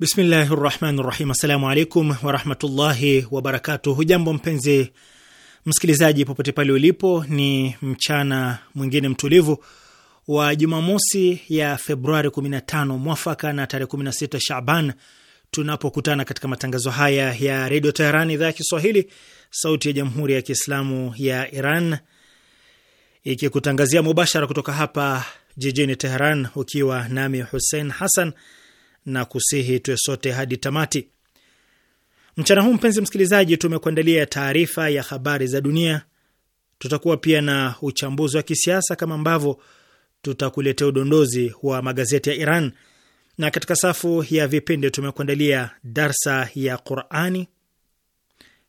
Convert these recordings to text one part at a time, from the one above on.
Bismillahi rahmani rahim. Assalamu alaikum warahmatullahi wabarakatu Hujambo mpenzi msikilizaji, popote pale ulipo, ni mchana mwingine mtulivu wa Jumamosi ya Februari 15 mwafaka na tarehe 16 Shaban tunapokutana katika matangazo haya ya Redio Teheran, idhaa ya Kiswahili, sauti ya Jamhuri ya Kiislamu ya Iran, ikikutangazia mubashara kutoka hapa jijini Teheran, ukiwa nami Hussein Hassan na kusihi tuwe sote hadi tamati. Mchana huu mpenzi msikilizaji, tumekuandalia taarifa ya habari za dunia. Tutakuwa pia na uchambuzi wa kisiasa kama ambavyo tutakuletea udondozi wa magazeti ya Iran, na katika safu ya vipindi tumekuandalia darsa ya Qurani,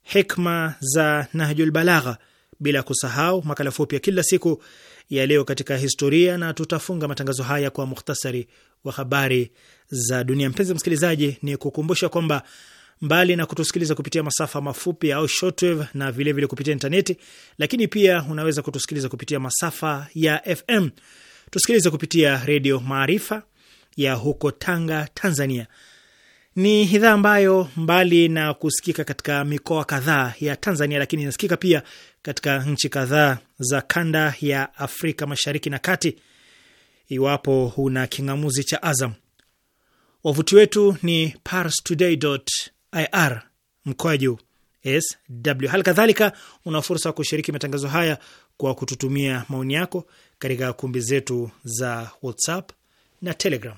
hikma za Nahjul Balagha, bila kusahau makala fupi ya kila siku ya leo katika historia, na tutafunga matangazo haya kwa mukhtasari wa habari za dunia. Mpenzi msikilizaji, ni kukumbusha kwamba mbali na kutusikiliza kupitia masafa mafupi au shortwave na vilevile vile kupitia intaneti, lakini pia unaweza kutusikiliza kupitia masafa ya FM. Tusikilize kupitia Redio Maarifa ya huko Tanga, Tanzania. Ni idhaa ambayo mbali na kusikika katika mikoa kadhaa ya Tanzania, lakini inasikika pia katika nchi kadhaa za kanda ya Afrika Mashariki na Kati, iwapo una king'amuzi cha Azam. Wavuti wetu ni parstoday.ir juu sw. Hali kadhalika una fursa ya kushiriki matangazo haya kwa kututumia maoni yako katika kumbi zetu za WhatsApp na Telegram.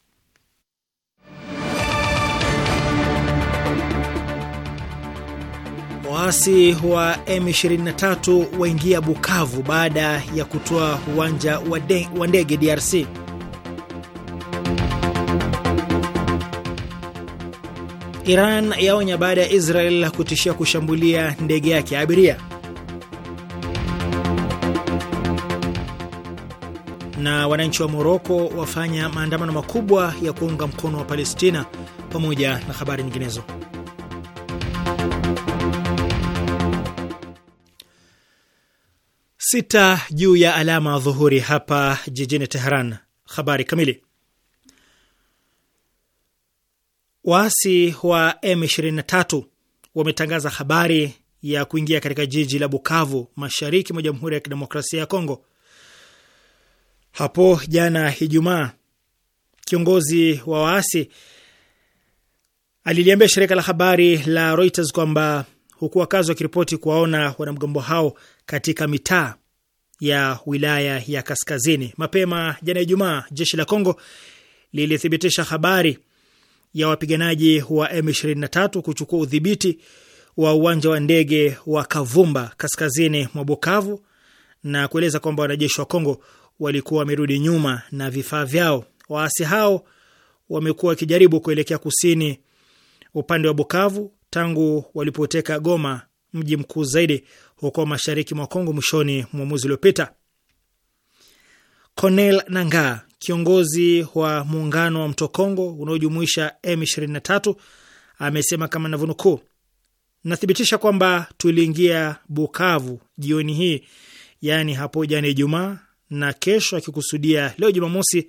Waasi wa M23 waingia Bukavu baada ya kutoa uwanja wa ndege DRC. Iran yaonya baada ya Israel kutishia kushambulia ndege yake ya abiria. Na wananchi wa Moroko wafanya maandamano makubwa ya kuunga mkono wa Palestina, pamoja na habari nyinginezo. sita juu ya alama dhuhuri hapa jijini teheran Habari kamili. Waasi wa M23 wametangaza habari ya kuingia katika jiji la Bukavu, mashariki mwa Jamhuri ya Kidemokrasia ya Kongo hapo jana Ijumaa. Kiongozi wa waasi aliliambia shirika la habari la Reuters kwamba huku wakazi wakiripoti kuwaona wanamgambo hao katika mitaa ya wilaya ya Kaskazini. Mapema jana Ijumaa, jeshi la Kongo lilithibitisha habari ya wapiganaji wa M23 kuchukua udhibiti wa uwanja wa ndege wa Kavumba kaskazini mwa Bukavu na kueleza kwamba wanajeshi wa Kongo walikuwa wamerudi nyuma na vifaa vyao. Waasi hao wamekuwa wakijaribu kuelekea kusini upande wa Bukavu tangu walipoteka Goma mji mkuu zaidi huko mashariki mwa Kongo mwishoni mwa mwezi uliopita. Cornel nanga kiongozi wa muungano wa mto Kongo unaojumuisha M23, amesema kama navyonukuu, nathibitisha kwamba tuliingia Bukavu jioni hii, yaani hapo jana Ijumaa, na kesho, akikusudia leo Jumamosi,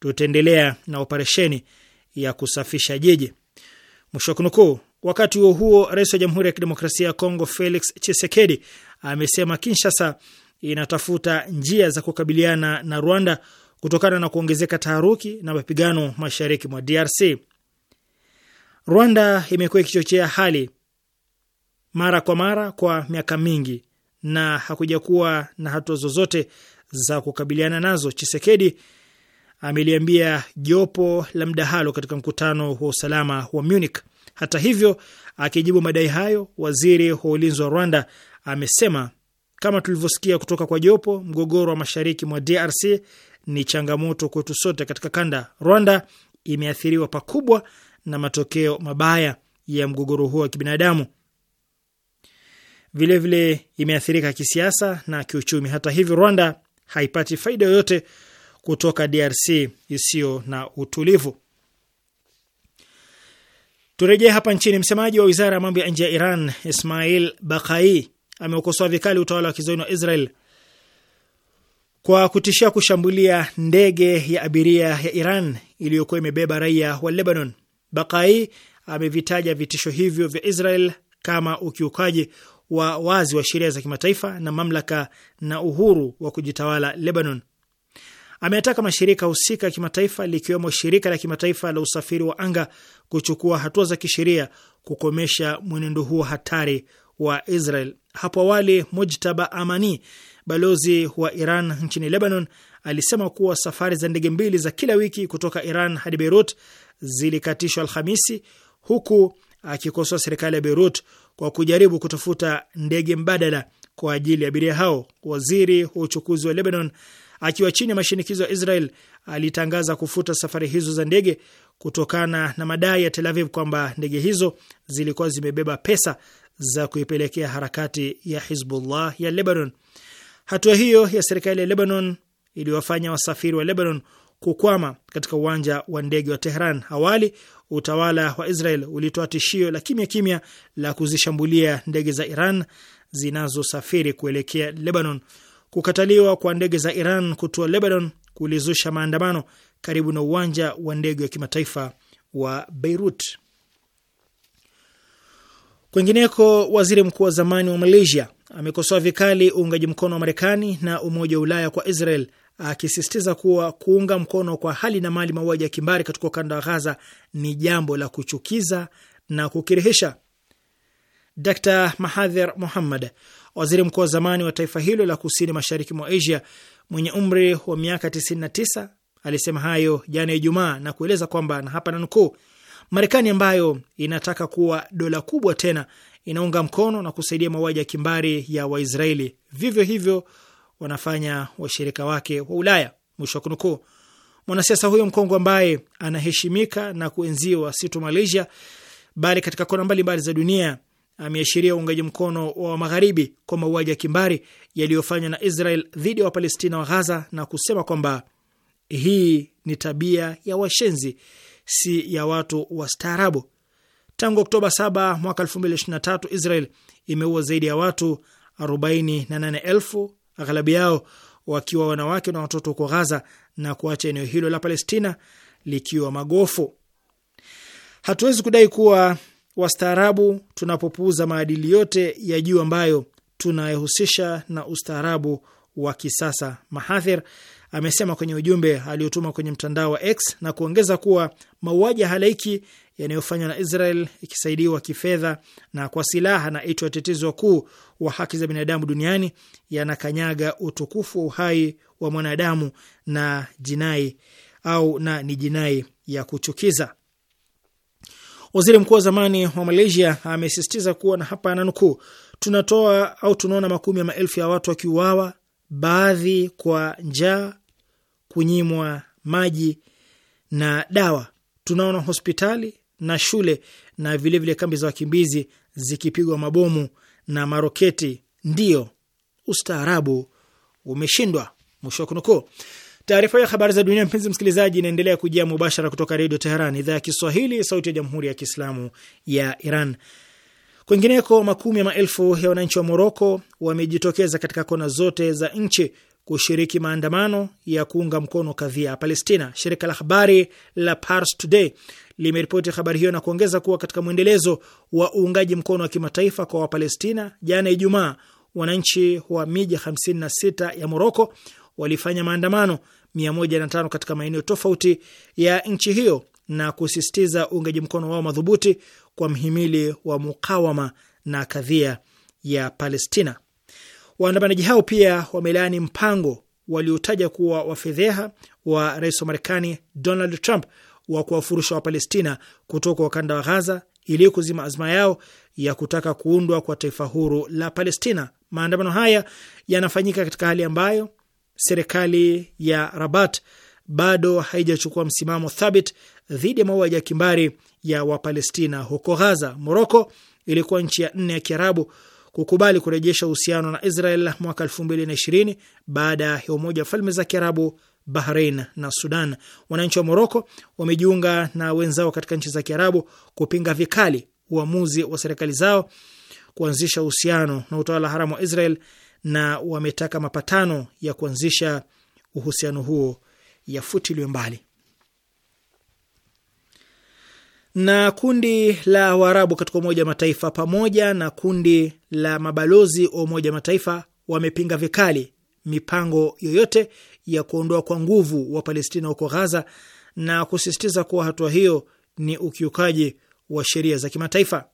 tutaendelea na operesheni ya kusafisha jiji, mwisho wa kunukuu. Wakati huo huo, rais wa Jamhuri ya Kidemokrasia ya Kongo Felix Tshisekedi amesema Kinshasa inatafuta njia za kukabiliana na Rwanda kutokana na kuongezeka taharuki na mapigano mashariki mwa DRC. Rwanda imekuwa ikichochea hali mara kwa mara kwa miaka mingi na hakujakuwa na hatua zozote za kukabiliana nazo, Chisekedi ameliambia jopo la mdahalo katika mkutano wa usalama wa Munich hata hivyo, akijibu madai hayo, waziri wa ulinzi wa Rwanda amesema kama tulivyosikia kutoka kwa jopo, mgogoro wa mashariki mwa DRC ni changamoto kwetu sote katika kanda. Rwanda imeathiriwa pakubwa na matokeo mabaya ya mgogoro huo wa kibinadamu, vilevile imeathirika kisiasa na kiuchumi. Hata hivyo, Rwanda haipati faida yoyote kutoka DRC isiyo na utulivu. Turejee hapa nchini. Msemaji wa wizara ya mambo ya nje ya Iran Ismail Bakai ameukosoa vikali utawala wa kizayuni wa Israel kwa kutishia kushambulia ndege ya abiria ya Iran iliyokuwa imebeba raia wa Lebanon. Bakai amevitaja vitisho hivyo vya Israel kama ukiukaji wa wazi wa sheria za kimataifa na mamlaka na uhuru wa kujitawala Lebanon. ameataka mashirika husika ya kimataifa likiwemo shirika la kimataifa la usafiri wa anga kuchukua hatua za kisheria kukomesha mwenendo huo hatari wa Israel. Hapo awali, Mujtaba Amani, balozi wa Iran nchini Lebanon, alisema kuwa safari za ndege mbili za kila wiki kutoka Iran hadi Beirut zilikatishwa Alhamisi, huku akikosoa serikali ya Beirut kwa kujaribu kutafuta ndege mbadala kwa ajili ya abiria hao. Waziri wa uchukuzi wa Lebanon, akiwa chini ya mashinikizo ya Israel, alitangaza kufuta safari hizo za ndege kutokana na madai ya Tel Aviv kwamba ndege hizo zilikuwa zimebeba pesa za kuipelekea harakati ya Hizbullah ya Lebanon. Hatua hiyo ya serikali ya Lebanon iliwafanya wasafiri wa Lebanon kukwama katika uwanja wa ndege wa Tehran. Awali utawala wa Israel ulitoa tishio la kimya kimya la kuzishambulia ndege za Iran zinazosafiri kuelekea Lebanon. Kukataliwa kwa ndege za Iran kutua Lebanon kulizusha maandamano karibu na uwanja wa ndege wa kimataifa wa Beirut. Kwingineko, waziri mkuu wa zamani wa Malaysia amekosoa vikali uungaji mkono wa Marekani na Umoja wa Ulaya kwa Israel akisisitiza kuwa kuunga mkono kwa hali na mali mauaji ya kimbari katika ukanda wa Ghaza ni jambo la kuchukiza na kukirihisha. Dr Mahathir Muhammad, waziri mkuu wa zamani wa taifa hilo la kusini mashariki mwa Asia mwenye umri wa miaka 99, Alisema hayo jana Ijumaa na kueleza kwamba na hapa nanukuu, Marekani ambayo inataka kuwa dola kubwa tena inaunga mkono na kusaidia mauaji ya kimbari ya Waisraeli, vivyo hivyo wanafanya washirika wake wa Ulaya, mwisho wa kunukuu. Mwanasiasa huyo mkongwe ambaye anaheshimika na kuenziwa si tu Malaysia, bali katika kona mbalimbali za dunia ameashiria uungaji mkono wa magharibi kwa mauaji ya kimbari yaliyofanywa na Israel dhidi ya wa Wapalestina wa Ghaza na kusema kwamba hii ni tabia ya washenzi, si ya watu wastaarabu. Tangu Oktoba 7 mwaka 2023, Israel imeua zaidi ya watu 48,000 aghalabi yao wakiwa wanawake na watoto huko Ghaza na kuacha eneo hilo la Palestina likiwa magofu. Hatuwezi kudai kuwa wastaarabu tunapopuuza maadili yote ya juu ambayo tunayehusisha na ustaarabu wa kisasa mahadhir amesema kwenye ujumbe aliotuma kwenye mtandao wa X na kuongeza kuwa mauaji ya halaiki yanayofanywa na Israel ikisaidiwa kifedha na kwa silaha na iti watetezi wakuu wa haki za binadamu duniani yanakanyaga utukufu wa uhai wa mwanadamu na jinai au na ni jinai ya kuchukiza. Waziri mkuu wa zamani wa Malaysia amesisitiza kuwa na hapa nanukuu, tunatoa au tunaona makumi ya maelfu ya watu wakiuawa, baadhi kwa njaa, kunyimwa maji na dawa. Tunaona hospitali na shule na vilevile vile kambi za wakimbizi zikipigwa mabomu na maroketi. Ndio ustaarabu umeshindwa. Mwisho wa kunukuu. Taarifa ya habari za dunia, mpenzi msikilizaji, inaendelea kujia mubashara kutoka Redio Teheran, idhaa ya Kiswahili, sauti ya jamhuri ya kiislamu ya Iran. Kwingineko, makumi ya maelfu ya wananchi wa Moroko wamejitokeza katika kona zote za nchi kushiriki maandamano ya kuunga mkono kadhia ya Palestina. Shirika la habari la Pars Today limeripoti habari hiyo na kuongeza kuwa katika mwendelezo wa uungaji mkono wa kimataifa kwa Wapalestina, jana Ijumaa, wananchi wa miji 56 ya Moroko walifanya maandamano 105 katika maeneo tofauti ya nchi hiyo na kusisitiza uungaji mkono wao madhubuti kwa mhimili wa mukawama na kadhia ya Palestina. Waandamanaji hao pia wamelaani mpango waliotaja kuwa wafedheha wa rais wa Marekani Donald Trump wa kuwafurusha Wapalestina kutoka ukanda wa Ghaza ili kuzima azma yao ya kutaka kuundwa kwa taifa huru la Palestina. Maandamano haya yanafanyika katika hali ambayo serikali ya Rabat bado haijachukua msimamo thabit dhidi ya mauaji ya kimbari ya Wapalestina huko Ghaza. Moroko ilikuwa nchi ya nne ya Kiarabu kukubali kurejesha uhusiano na Israel mwaka elfu mbili na ishirini baada ya Umoja wa Falme za Kiarabu, Bahrain na Sudan. Wananchi wa Moroko wamejiunga na wenzao katika nchi za Kiarabu kupinga vikali uamuzi wa serikali zao kuanzisha uhusiano na utawala haramu wa Israel na wametaka mapatano ya kuanzisha uhusiano huo yafutiliwe mbali na kundi la Waarabu katika Umoja wa Mataifa pamoja na kundi la mabalozi wa Umoja wa Mataifa wamepinga vikali mipango yoyote ya kuondoa kwa nguvu wa Palestina huko Ghaza na kusisitiza kuwa hatua hiyo ni ukiukaji wa sheria za kimataifa.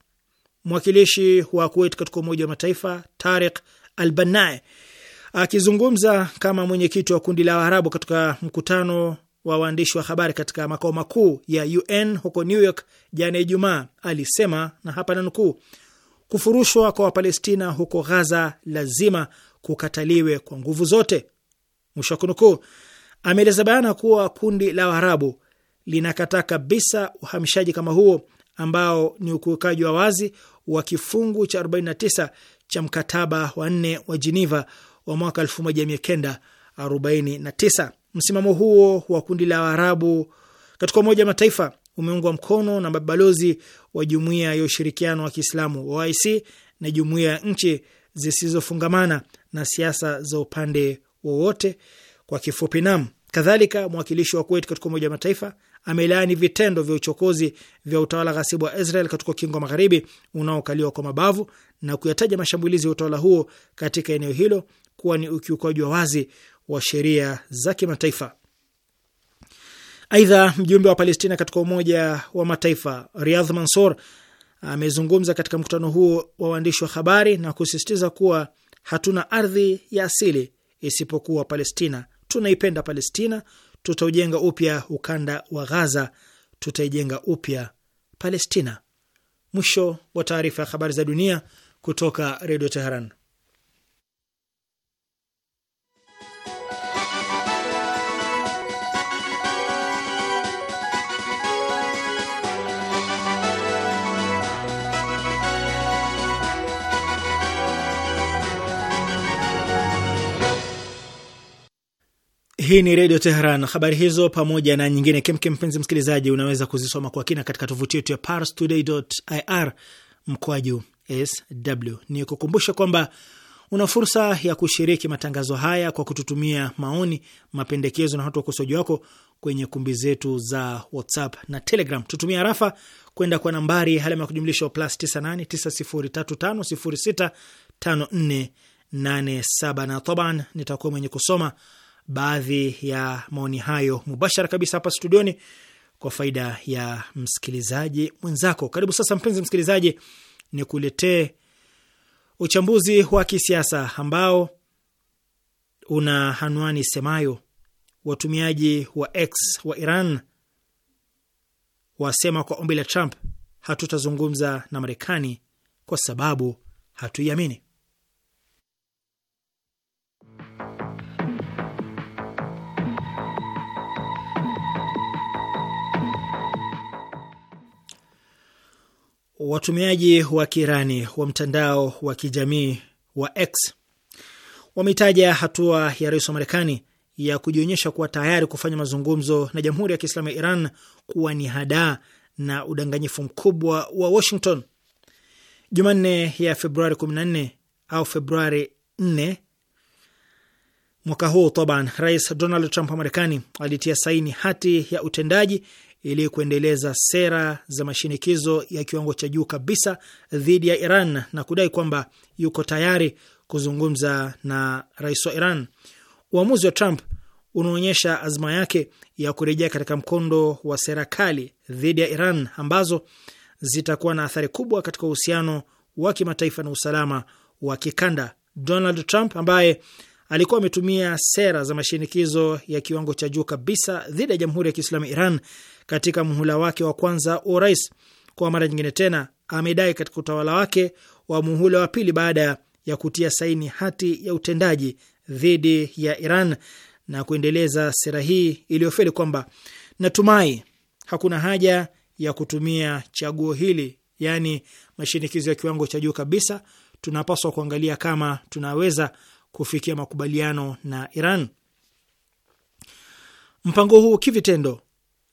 Mwakilishi wa Kuwait katika Umoja wa Mataifa Tariq al banae akizungumza kama mwenyekiti wa kundi la Waarabu katika mkutano wa waandishi wa habari katika makao makuu ya UN huko New York jana Ijumaa alisema, na hapa nanukuu, kufurushwa kwa Wapalestina huko Ghaza lazima kukataliwe kwa nguvu zote, mwisho wa kunukuu. Ameeleza bayana kuwa kundi la Waarabu linakataa kabisa uhamishaji kama huo ambao ni ukiukaji wa wazi wa kifungu cha 49 cha mkataba wa nne wa jiniva wa mwaka 1949. Msimamo huo wa kundi la Waarabu katika Umoja wa Mataifa umeungwa mkono na mabalozi wa Jumuiya ya Ushirikiano wa Kiislamu OIC na Jumuiya ya Nchi Zisizofungamana na Siasa za Upande Wowote, kwa kifupi NAM. Kadhalika, mwakilishi wa Kuwait katika Umoja wa Mataifa amelaani vitendo vya uchokozi vya utawala ghasibu wa Israel katika ukingo wa magharibi unaokaliwa kwa mabavu na kuyataja mashambulizi ya utawala huo katika eneo hilo kuwa ni ukiukaji wa wazi wa sheria za kimataifa. Aidha, mjumbe wa Palestina katika Umoja wa Mataifa Riyadh Mansour amezungumza katika mkutano huo wa waandishi wa habari na kusisitiza kuwa hatuna ardhi ya asili isipokuwa Palestina. Tunaipenda Palestina, tutaujenga upya ukanda wa Ghaza, tutaijenga upya Palestina. Mwisho wa taarifa ya habari za dunia kutoka Redio Teheran. Hii ni Redio Teheran. Habari hizo pamoja na nyingine kemkem, mpenzi msikilizaji, unaweza kuzisoma kwa kina katika tovuti yetu ya parstoday.ir mkoaju sw. Ni kukumbusha kwamba una fursa ya kushiriki matangazo haya kwa kututumia maoni, mapendekezo na hata ukosoaji wako kwenye kumbi zetu za WhatsApp na Telegram. Tutumia rafa kwenda kwa nambari halama ya kujumlisha plus 989035065487 na taban nitakuwa mwenye kusoma baadhi ya maoni hayo mubashara kabisa hapa studioni kwa faida ya msikilizaji mwenzako. Karibu sasa, mpenzi msikilizaji, ni kuletee uchambuzi wa kisiasa ambao una anwani semayo watumiaji wa X wa Iran wasema kwa ombi la Trump hatutazungumza na Marekani kwa sababu hatuiamini. Watumiaji wa Kirani wa mtandao wa kijamii wa X wameitaja hatua ya rais wa Marekani ya kujionyesha kuwa tayari kufanya mazungumzo na Jamhuri ya Kiislamu ya Iran kuwa ni hadaa na udanganyifu mkubwa wa Washington. Jumanne ya Februari 14 au Februari 4 mwaka huu, taban, Rais Donald Trump wa Marekani alitia saini hati ya utendaji ili kuendeleza sera za mashinikizo ya kiwango cha juu kabisa dhidi ya Iran na kudai kwamba yuko tayari kuzungumza na rais wa Iran. Uamuzi wa Trump unaonyesha azma yake ya kurejea katika mkondo wa sera kali dhidi ya Iran ambazo zitakuwa na athari kubwa katika uhusiano wa kimataifa na usalama wa kikanda. Donald Trump ambaye alikuwa ametumia sera za mashinikizo ya kiwango cha juu kabisa dhidi ya Jamhuri ya Kiislamu Iran katika muhula wake wa kwanza wa urais. Kwa mara nyingine tena amedai katika utawala wake wa muhula wa pili baada ya kutia saini hati ya utendaji dhidi ya Iran na kuendeleza sera hii iliyofeli kwamba natumai hakuna haja ya kutumia chaguo hili, yaani mashinikizo ya kiwango cha juu kabisa. Tunapaswa kuangalia kama tunaweza kufikia makubaliano na Iran. Mpango huu kivitendo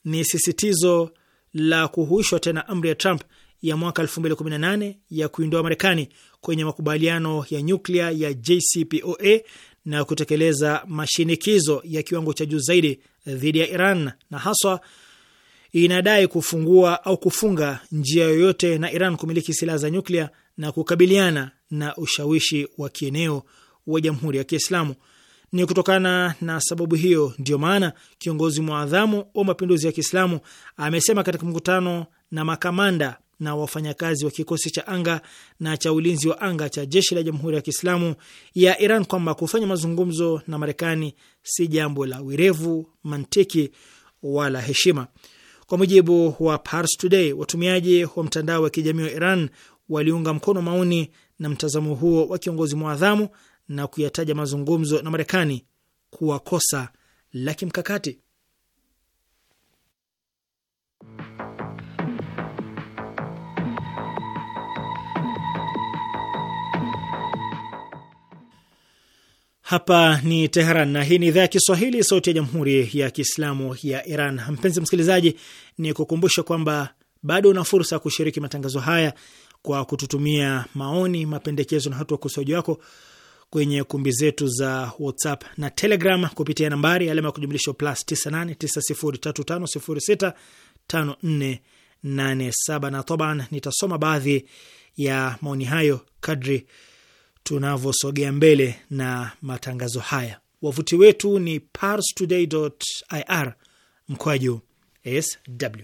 ni sisitizo la kuhuishwa tena amri ya Trump ya mwaka 2018 ya kuindoa Marekani kwenye makubaliano ya nyuklia ya JCPOA na kutekeleza mashinikizo ya kiwango cha juu zaidi dhidi ya Iran na haswa inadai kufungua au kufunga njia yoyote na Iran kumiliki silaha za nyuklia na kukabiliana na ushawishi wa kieneo wa Jamhuri ya Kiislamu. Ni kutokana na sababu hiyo ndio maana kiongozi mwadhamu wa mapinduzi ya Kiislamu amesema katika mkutano na makamanda na wafanyakazi wa kikosi cha anga na cha ulinzi wa anga cha jeshi la Jamhuri ya Kiislamu ya Iran kwamba kufanya mazungumzo na Marekani si jambo la wirevu, mantiki wala heshima. Kwa mujibu wa Pars Today, watumiaji wa mtandao wa kijamii wa Iran waliunga mkono maoni na mtazamo huo wa kiongozi mwadhamu na kuyataja mazungumzo na Marekani kuwa kosa la kimkakati. Hapa ni Teheran na hii ni idhaa ya Kiswahili, sauti ya jamhuri ya kiislamu ya Iran. Mpenzi msikilizaji, ni kukumbusha kwamba bado una fursa ya kushiriki matangazo haya kwa kututumia maoni, mapendekezo na hatua ukosoaji wako kwenye kumbi zetu za WhatsApp na Telegram kupitia nambari alama ya kujumlisha plus 989035065487 na toban, nitasoma baadhi ya maoni hayo kadri tunavyosogea mbele na matangazo haya. Wavuti wetu ni parstoday.ir mkwaju sw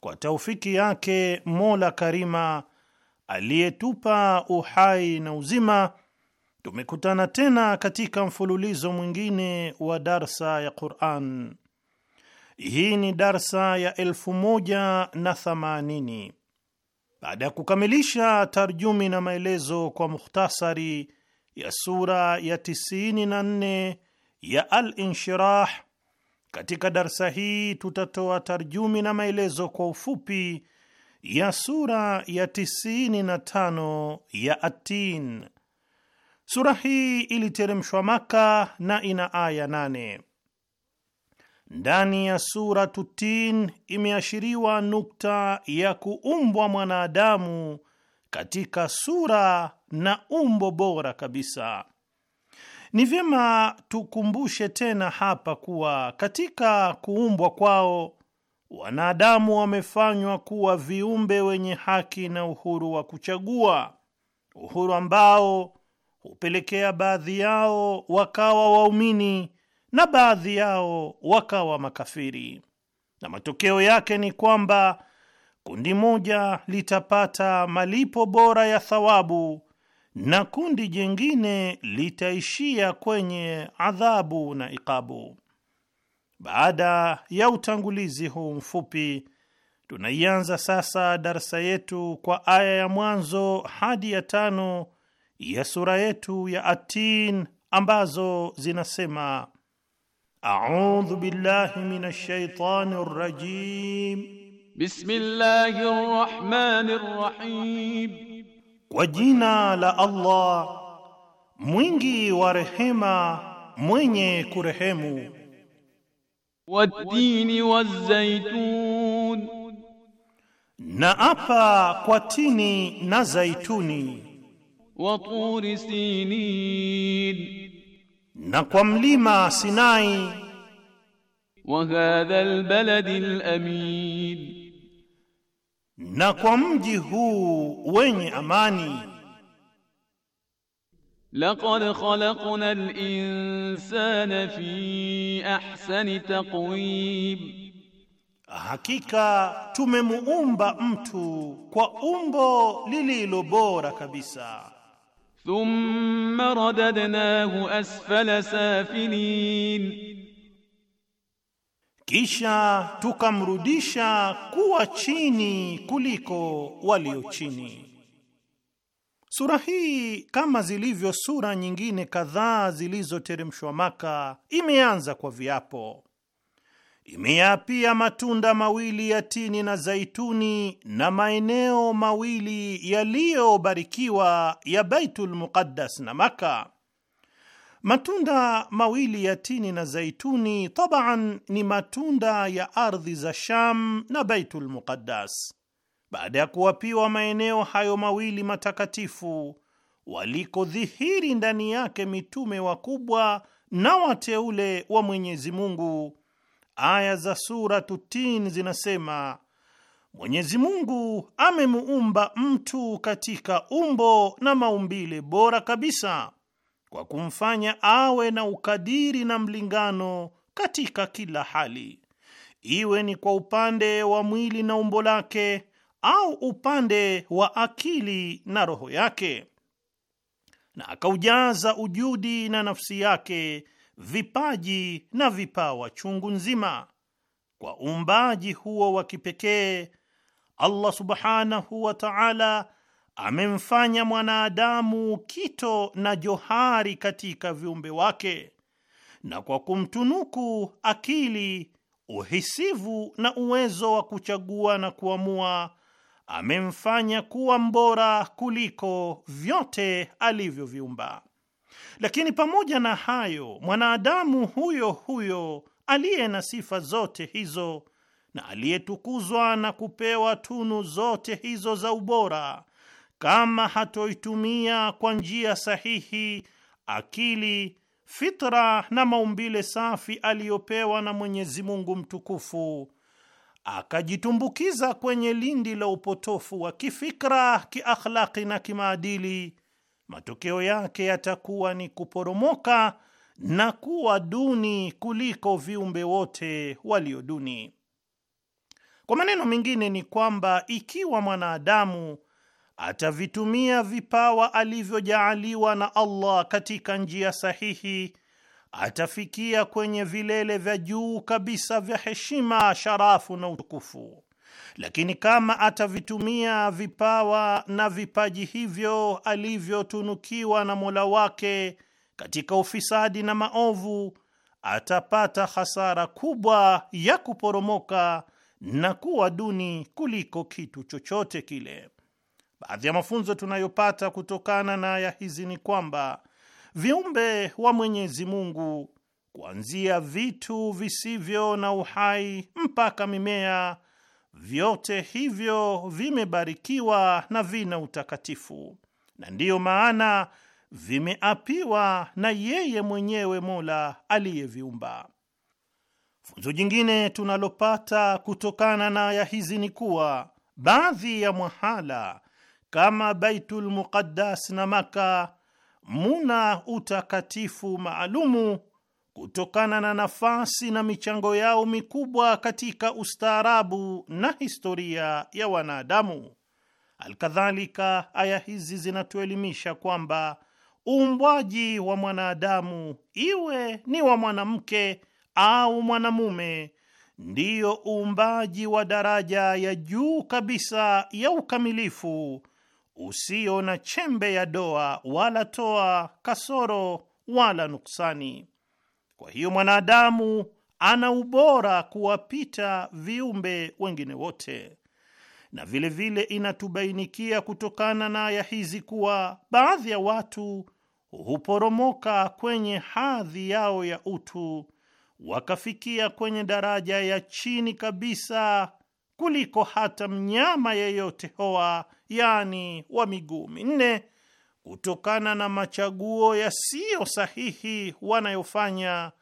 kwa taufiki yake Mola Karima aliyetupa uhai na uzima, tumekutana tena katika mfululizo mwingine wa darsa ya Quran. Hii ni darsa ya elfu moja na thamanini baada ya kukamilisha tarjumi na maelezo kwa mukhtasari ya sura ya 94 ya Al-Inshirah. Katika darsa hii tutatoa tarjumi na maelezo kwa ufupi ya sura ya 95 ya Atin. Sura hii iliteremshwa Maka na ina aya nane. Ndani ya sura tutin imeashiriwa nukta ya kuumbwa mwanadamu katika sura na umbo bora kabisa. Ni vyema tukumbushe tena hapa kuwa katika kuumbwa kwao wanadamu wamefanywa kuwa viumbe wenye haki na uhuru wa kuchagua, uhuru ambao hupelekea baadhi yao wakawa waumini na baadhi yao wakawa makafiri, na matokeo yake ni kwamba kundi moja litapata malipo bora ya thawabu na kundi jingine litaishia kwenye adhabu na iqabu Baada ya utangulizi huu mfupi, tunaianza sasa darsa yetu kwa aya ya mwanzo hadi ya tano ya sura yetu ya Atin ambazo zinasema: audhu billahi minash shaitani rajim, bismillahir rahmanir rahim kwa jina la Allah mwingi wa rehema, mwenye kurehemu. Watini wazaitun, na apa kwa tini na zaituni. Waturi sinin, na kwa mlima Sinai. Wa hadha albaladi alamin na kwa mji huu wenye amani. Laqad khalaqna al-insana fi ahsani taqwim, hakika tumemuumba mtu kwa umbo lililo bora kabisa. Thumma radadnahu asfala safilin kisha tukamrudisha kuwa chini kuliko walio chini. Sura hii kama zilivyo sura nyingine kadhaa zilizoteremshwa Maka, imeanza kwa viapo. imeapia matunda mawili ya tini na zaituni na maeneo mawili yaliyobarikiwa ya Baitul Muqaddas na Maka. Matunda mawili ya tini na zaituni tabaan ni matunda ya ardhi za Sham na Baitul Muqaddas. Baada ya kuwapiwa maeneo hayo mawili matakatifu, walikodhihiri ndani yake mitume wakubwa na wateule wa Mwenyezi Mungu, aya za Suratu Tin zinasema Mwenyezi Mungu amemuumba mtu katika umbo na maumbile bora kabisa kwa kumfanya awe na ukadiri na mlingano katika kila hali, iwe ni kwa upande wa mwili na umbo lake au upande wa akili na roho yake, na akaujaza ujudi na nafsi yake vipaji na vipawa chungu nzima. Kwa uumbaji huo wa kipekee, Allah subhanahu wa ta'ala amemfanya mwanadamu kito na johari katika viumbe wake, na kwa kumtunuku akili, uhisivu na uwezo wa kuchagua na kuamua, amemfanya kuwa mbora kuliko vyote alivyoviumba. Lakini pamoja na hayo, mwanadamu huyo huyo aliye na sifa zote hizo na aliyetukuzwa na kupewa tunu zote hizo za ubora kama hatoitumia kwa njia sahihi akili, fitra na maumbile safi aliyopewa na Mwenyezi Mungu mtukufu, akajitumbukiza kwenye lindi la upotofu wa kifikra, kiakhlaki na kimaadili, matokeo yake yatakuwa ni kuporomoka na kuwa duni kuliko viumbe wote walio duni. Kwa maneno mengine, ni kwamba ikiwa mwanadamu atavitumia vipawa alivyojaaliwa na Allah katika njia sahihi, atafikia kwenye vilele vya juu kabisa vya heshima, sharafu na utukufu. Lakini kama atavitumia vipawa na vipaji hivyo alivyotunukiwa na Mola wake katika ufisadi na maovu, atapata hasara kubwa ya kuporomoka na kuwa duni kuliko kitu chochote kile. Baadhi ya mafunzo tunayopata kutokana na aya hizi ni kwamba viumbe wa Mwenyezi Mungu, kuanzia vitu visivyo na uhai mpaka mimea, vyote hivyo vimebarikiwa na vina utakatifu, na ndiyo maana vimeapiwa na yeye mwenyewe Mola aliyeviumba. Funzo jingine tunalopata kutokana na aya hizi ni kuwa baadhi ya mwahala kama Baitul Muqaddas na Maka muna utakatifu maalumu kutokana na nafasi na michango yao mikubwa katika ustaarabu na historia ya wanadamu. Alkadhalika, aya hizi zinatuelimisha kwamba uumbwaji wa mwanadamu, iwe ni wa mwanamke au mwanamume, ndiyo uumbaji wa daraja ya juu kabisa ya ukamilifu usio na chembe ya doa wala toa kasoro wala nuksani. Kwa hiyo mwanadamu ana ubora kuwapita viumbe wengine wote, na vilevile vile inatubainikia kutokana na aya hizi kuwa baadhi ya watu huporomoka kwenye hadhi yao ya utu wakafikia kwenye daraja ya chini kabisa kuliko hata mnyama yeyote hoa, yaani wa miguu minne, kutokana na machaguo yasiyo sahihi wanayofanya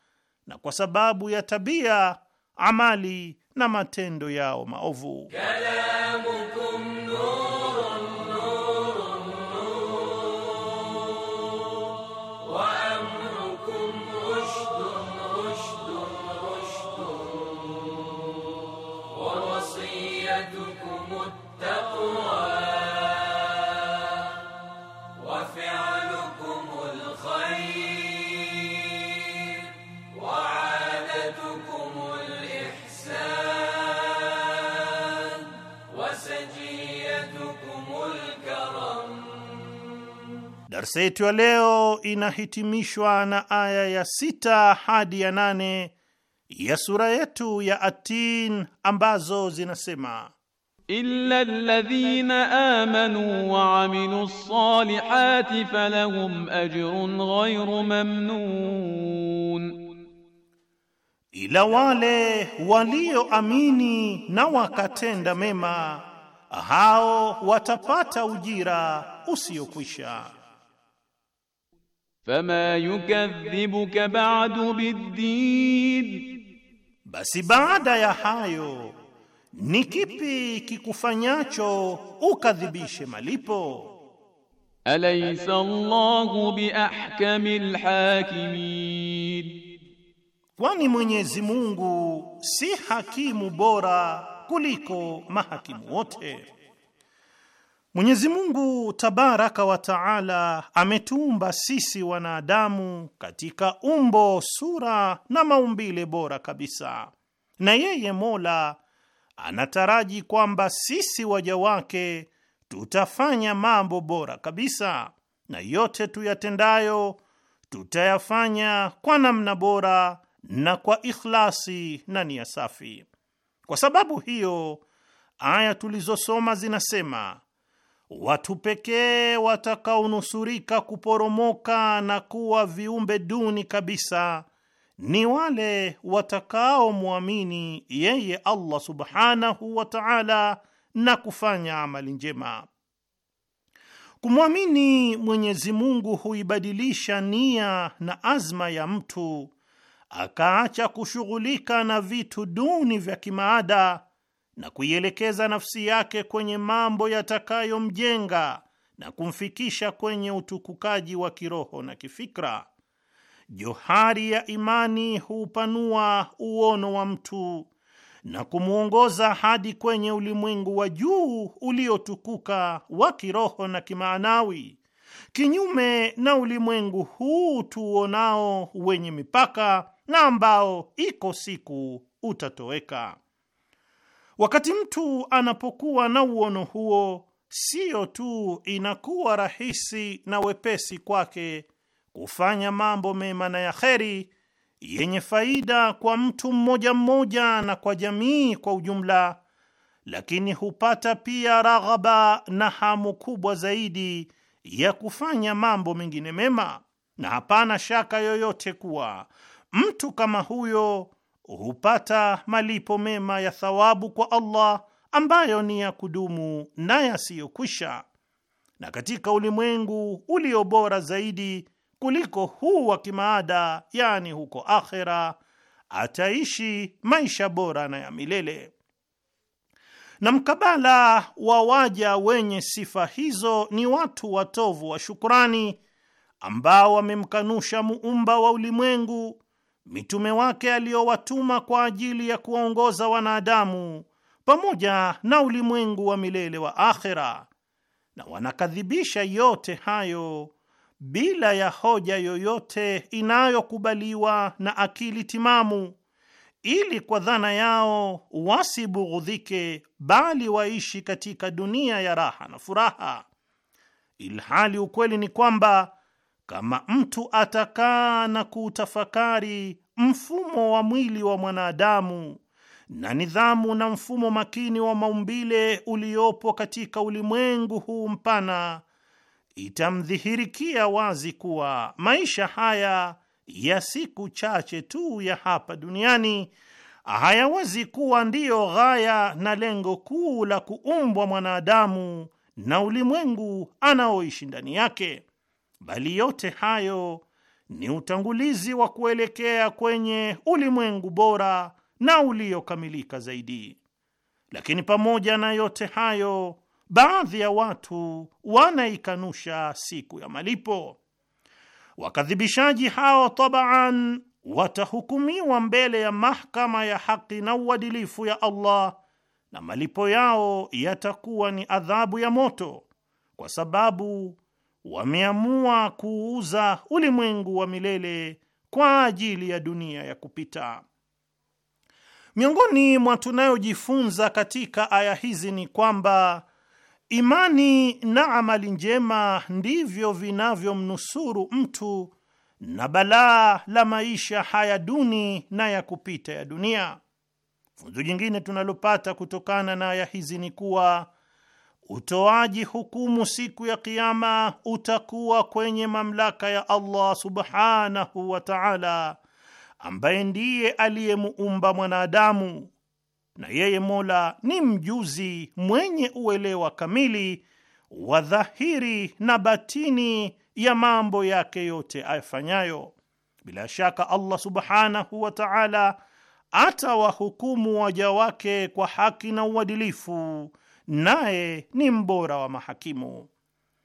na kwa sababu ya tabia, amali na matendo yao maovu Kalamu. Darsa yetu ya leo inahitimishwa na aya ya sita hadi ya nane ya sura yetu ya Atin ambazo zinasema illa alladhina amanu wa amilu falahum ajrun ghayru mamnun, ila wale walioamini na wakatenda mema hao watapata ujira usiokwisha. Fama yukadhibuka ba'du biddin, basi baada ya hayo ni kipi kikufanyacho ukadhibishe malipo? Alaysa Allahu biahkamil hakimin, kwani Mwenyezi Mungu si hakimu bora kuliko mahakimu wote. Mwenyezi Mungu tabaraka wa taala ametuumba sisi wanadamu katika umbo, sura na maumbile bora kabisa, na yeye Mola anataraji kwamba sisi waja wake tutafanya mambo bora kabisa, na yote tuyatendayo tutayafanya kwa namna bora na kwa ikhlasi na nia safi. Kwa sababu hiyo, aya tulizosoma zinasema watu pekee watakaonusurika kuporomoka na kuwa viumbe duni kabisa ni wale watakaomwamini yeye Allah subhanahu wa ta'ala na kufanya amali njema. Kumwamini Mwenyezi Mungu huibadilisha nia na azma ya mtu, akaacha kushughulika na vitu duni vya kimaada na kuielekeza nafsi yake kwenye mambo yatakayomjenga na kumfikisha kwenye utukukaji wa kiroho na kifikra. Johari ya imani huupanua uono wa mtu na kumwongoza hadi kwenye ulimwengu wa juu uliotukuka wa kiroho na kimaanawi, kinyume na ulimwengu huu tuuonao wenye mipaka na ambao iko siku utatoweka. Wakati mtu anapokuwa na uono huo, siyo tu inakuwa rahisi na wepesi kwake kufanya mambo mema na ya kheri yenye faida kwa mtu mmoja mmoja na kwa jamii kwa ujumla, lakini hupata pia raghaba na hamu kubwa zaidi ya kufanya mambo mengine mema, na hapana shaka yoyote kuwa mtu kama huyo hupata malipo mema ya thawabu kwa Allah ambayo ni ya kudumu na yasiyokwisha, na katika ulimwengu ulio bora zaidi kuliko huu wa kimaada, yani huko akhera, ataishi maisha bora na ya milele. Na mkabala wa waja wenye sifa hizo ni watu watovu wa shukrani ambao wamemkanusha muumba wa ulimwengu mitume wake aliyowatuma kwa ajili ya kuwaongoza wanadamu pamoja na ulimwengu wa milele wa akhera, na wanakadhibisha yote hayo bila ya hoja yoyote inayokubaliwa na akili timamu, ili kwa dhana yao wasibughudhike, bali waishi katika dunia ya raha na furaha, ilhali ukweli ni kwamba kama mtu atakaa na kuutafakari mfumo wa mwili wa mwanadamu na nidhamu na mfumo makini wa maumbile uliopo katika ulimwengu huu mpana, itamdhihirikia wazi kuwa maisha haya ya siku chache tu ya hapa duniani hayawezi kuwa ndiyo ghaya na lengo kuu la kuumbwa mwanadamu na ulimwengu anaoishi ndani yake bali yote hayo ni utangulizi wa kuelekea kwenye ulimwengu bora na uliokamilika zaidi. Lakini pamoja na yote hayo, baadhi ya watu wanaikanusha siku ya malipo. Wakadhibishaji hao tabaan watahukumiwa mbele ya mahkama ya haki na uadilifu ya Allah, na malipo yao yatakuwa ni adhabu ya moto, kwa sababu wameamua kuuza ulimwengu wa milele kwa ajili ya dunia ya kupita. Miongoni mwa tunayojifunza katika aya hizi ni kwamba imani na amali njema ndivyo vinavyomnusuru mtu na balaa la maisha haya duni na ya kupita ya dunia. Funzo jingine tunalopata kutokana na aya hizi ni kuwa utoaji hukumu siku ya Kiama utakuwa kwenye mamlaka ya Allah subhanahu wa taala, ambaye ndiye aliyemuumba mwanadamu, na yeye Mola ni mjuzi mwenye uelewa kamili wa dhahiri na batini ya mambo yake yote ayafanyayo. Bila shaka Allah subhanahu wa taala atawahukumu waja wake kwa haki na uadilifu naye ni mbora wa mahakimu.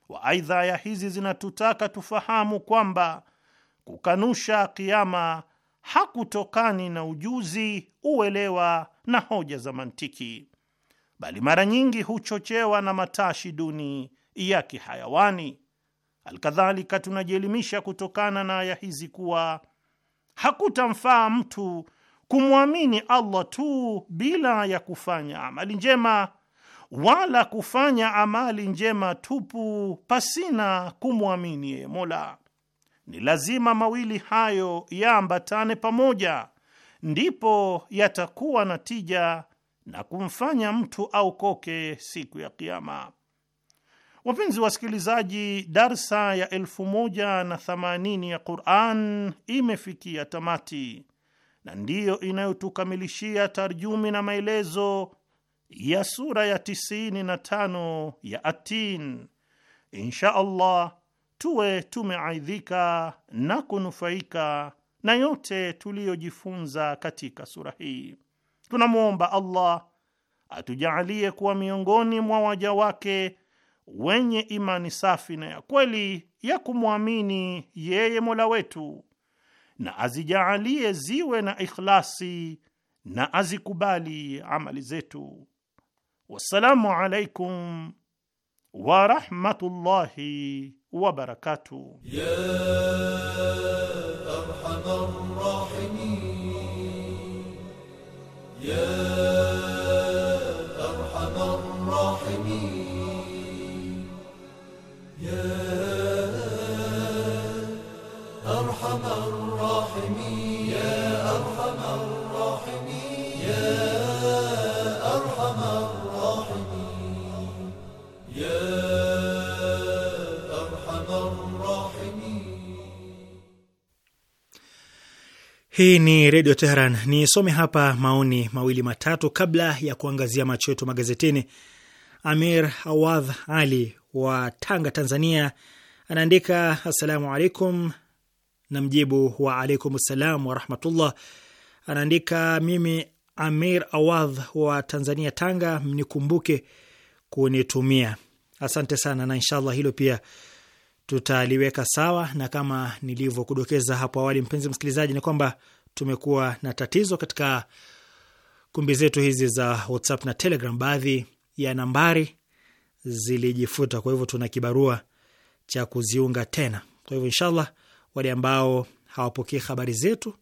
wa aidha aya hizi zinatutaka tufahamu kwamba kukanusha kiama hakutokani na ujuzi, uelewa na hoja za mantiki, bali mara nyingi huchochewa na matashi duni ya kihayawani. Alkadhalika, tunajielimisha kutokana na aya hizi kuwa hakutamfaa mtu kumwamini Allah tu bila ya kufanya amali njema wala kufanya amali njema tupu pasina kumwamini yeye Mola. Ni lazima mawili hayo yaambatane pamoja, ndipo yatakuwa na tija na kumfanya mtu aokoke siku ya Kiama. Wapenzi wasikilizaji, darsa ya elfu moja na thamanini ya Quran imefikia tamati na ndiyo inayotukamilishia tarjumi na maelezo ya sura ya 95 ya Atin. Insha Allah tuwe tumeaidhika na kunufaika na yote tuliyojifunza katika sura hii. Tunamwomba Allah atujaalie kuwa miongoni mwa waja wake wenye imani safi na ya kweli ya kumwamini yeye Mola wetu, na azijaalie ziwe na ikhlasi na azikubali amali zetu. والسلام عليكم ورحمة الله وبركاته يا أرحم الراحمين يا Hii ni Redio Teheran. Nisome hapa maoni mawili matatu kabla ya kuangazia macho yetu magazetini. Amir Awadh Ali wa Tanga, Tanzania, anaandika assalamu alaikum, na mjibu wa alaikum salam warahmatullah. Anaandika mimi Amir Awadh wa Tanzania, Tanga, mnikumbuke kunitumia. Asante sana, na inshallah hilo pia tutaliweka sawa, na kama nilivyokudokeza hapo awali, mpenzi msikilizaji, ni kwamba tumekuwa na tatizo katika kumbi zetu hizi za WhatsApp na Telegram, baadhi ya nambari zilijifuta. Kwa hivyo tuna kibarua cha kuziunga tena. Kwa hivyo inshallah, wale ambao hawapokei habari zetu,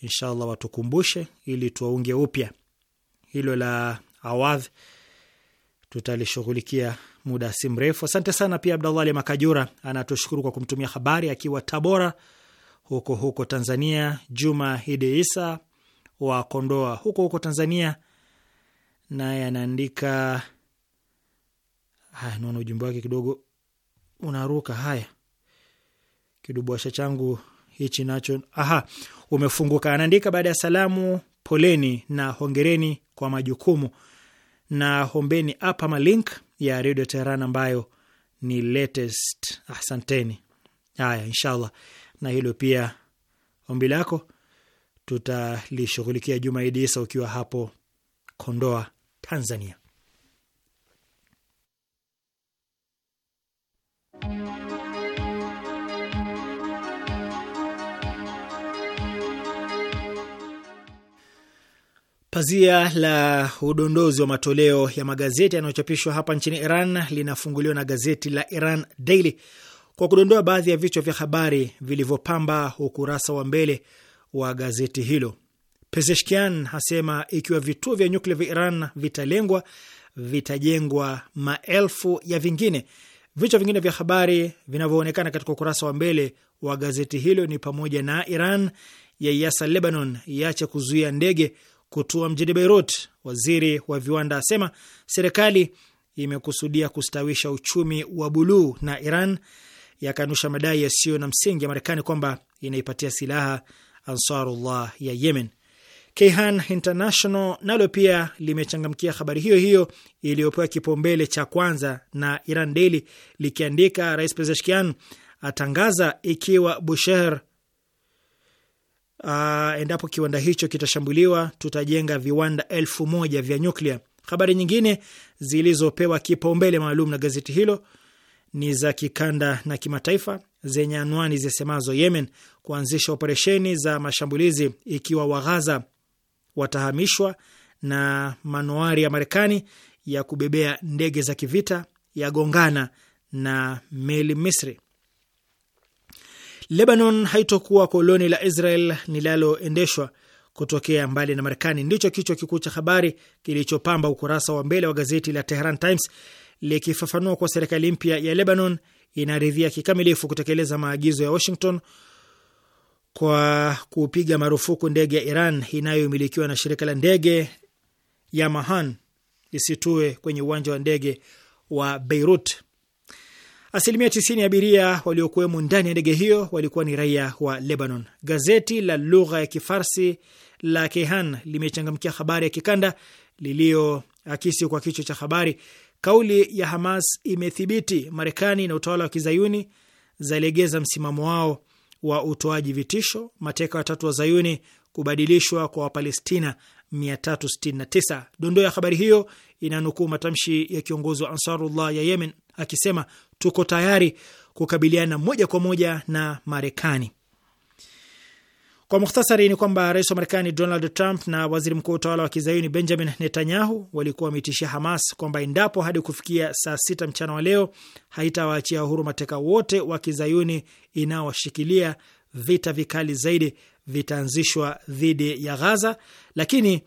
inshallah watukumbushe ili tuwaunge upya. Hilo la awadh tutalishughulikia muda si mrefu. Asante sana pia Abdallah Ali Makajura anatushukuru kwa kumtumia habari akiwa Tabora huko huko Tanzania. Juma Hidi Isa wa Kondoa huko huko Tanzania naye anaandika, naona ujumbe wake kidogo unaruka. Haya, kidubwasha changu hichi nacho, aha, umefunguka. Anaandika, baada ya salamu, poleni na hongereni kwa majukumu na hombeni apa malink ya Redio Teheran ambayo ni latest. Asanteni. Haya, inshallah na hilo pia ombi lako tutalishughulikia. Juma Idi Isa ukiwa hapo Kondoa, Tanzania. Pazia la udondozi wa matoleo ya magazeti yanayochapishwa hapa nchini Iran linafunguliwa na gazeti la Iran Daily kwa kudondoa baadhi ya vichwa vya habari vilivyopamba ukurasa wa mbele wa gazeti hilo. Pezeshkian asema ikiwa vituo vya nyuklia vya Iran vitalengwa, vitajengwa maelfu ya vingine. Vichwa vingine vya habari vinavyoonekana katika ukurasa wa mbele wa gazeti hilo ni pamoja na Iran yaiasa Lebanon iache kuzuia ndege kutua mjini Beirut. Waziri wa viwanda asema serikali imekusudia kustawisha uchumi wa buluu, na Iran yakanusha madai yasiyo na msingi ya Marekani kwamba inaipatia silaha Ansarullah ya Yemen. Kayhan International nalo pia limechangamkia habari hiyo hiyo iliyopewa kipaumbele cha kwanza na Iran Daily likiandika, Rais Pezeshkian atangaza ikiwa Bushehr Uh, endapo kiwanda hicho kitashambuliwa, tutajenga viwanda elfu moja vya nyuklia. Habari nyingine zilizopewa kipaumbele maalum na gazeti hilo ni za kikanda na kimataifa zenye anwani zisemazo: Yemen kuanzisha operesheni za mashambulizi ikiwa Waghaza watahamishwa, na manowari ya Marekani ya kubebea ndege za kivita yagongana na meli Misri. Lebanon haitokuwa koloni la Israel linaloendeshwa kutokea mbali na Marekani, ndicho kichwa kikuu cha habari kilichopamba ukurasa wa mbele wa gazeti la Tehran Times, likifafanua kuwa serikali mpya ya Lebanon inaridhia kikamilifu kutekeleza maagizo ya Washington kwa kupiga marufuku ndege ya Iran inayomilikiwa na shirika la ndege ya Mahan isitue kwenye uwanja wa ndege wa Beirut. Asilimia 90 ya abiria waliokuwemo ndani ya ndege hiyo walikuwa ni raia wa Lebanon. Gazeti la lugha ya Kifarsi la Kehan limechangamkia habari ya kikanda liliyoakisi kwa kichwa cha habari, kauli ya Hamas imethibiti, Marekani na utawala wa kizayuni zalegeza msimamo wao wa utoaji vitisho, mateka watatu wa zayuni kubadilishwa kwa Wapalestina 369. Dondoo ya habari hiyo inanukuu matamshi ya kiongozi wa Ansarullah ya Yemen akisema tuko tayari kukabiliana moja kwa moja na Marekani. Kwa mukhtasari ni kwamba rais wa Marekani Donald Trump na waziri mkuu wa utawala wa kizayuni Benjamin Netanyahu walikuwa wameitishia Hamas kwamba endapo hadi kufikia saa sita mchana wa leo haitawaachia huru mateka wote wa kizayuni inaowashikilia, vita vikali zaidi vitaanzishwa dhidi ya Ghaza. Lakini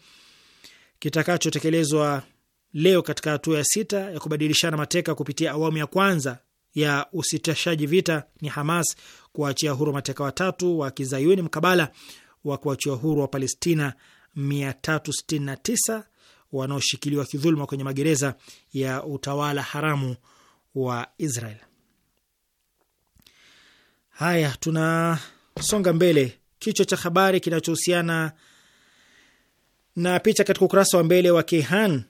kitakachotekelezwa leo katika hatua ya sita ya kubadilishana mateka kupitia awamu ya kwanza ya usitishaji vita ni Hamas kuachia huru mateka watatu wa kizayuni mkabala wa kuachia huru wa Palestina 369 wanaoshikiliwa kidhuluma kwenye magereza ya utawala haramu wa Israel. Haya, tunasonga mbele. Kichwa cha habari kinachohusiana na picha katika ukurasa wa mbele wa Kehan